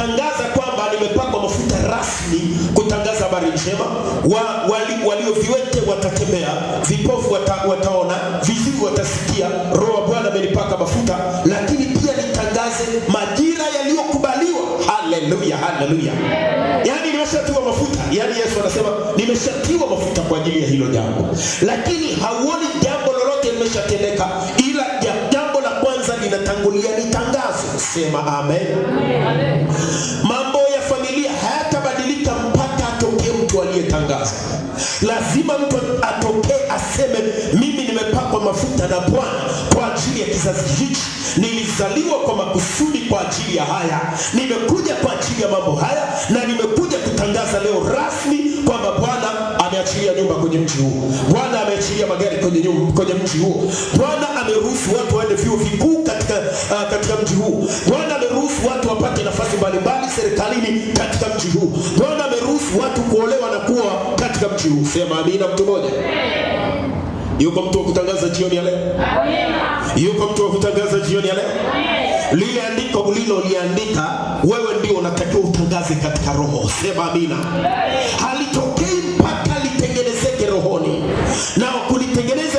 walitangaza kwamba nimepakwa mafuta rasmi kutangaza habari njema. Walio wali, viwete watatembea, vipofu wata, wataona, viziwi watasikia, roho wa Bwana amenipaka mafuta. Lakini pia nitangaze majira yaliyokubaliwa. Haleluya, haleluya! Yani nimeshatiwa mafuta, yani Yesu anasema nimeshatiwa mafuta kwa ajili ya hilo jambo, lakini hauoni jambo lolote limeshatendeka linatangulia ni tangazo. Sema amen. Amen. Mambo ya familia hayatabadilika mpaka atokee mtu aliyetangaza. Lazima mtu atokee aseme, mimi nimepakwa mafuta na Bwana kwa ajili ya kizazi hichi, nilizaliwa kwa makusudi kwa ajili ya haya, nimekuja kwa ajili ya mambo haya, na nimekuja kutangaza leo rasmi kwamba Bwana ameachilia nyumba kwenye mji huu. Bwana ameachilia magari kwenye, kwenye mji huu. Bwana ameruhusu watu waende vyuo vikuu huu. Bwana ameruhusu watu wapate nafasi mbalimbali serikalini katika mji huu. Bwana ameruhusu watu kuolewa na kuwa katika mji huu. Sema amina, mtu mmoja. Yuko mtu wa kutangaza jioni ya leo? Yuko mtu wa kutangaza jioni ya leo? Lile andiko uliloliandika wewe ndio unatakiwa utangaze katika roho. Sema amina. Halitokei mpaka litengenezeke rohoni na kulitengeneza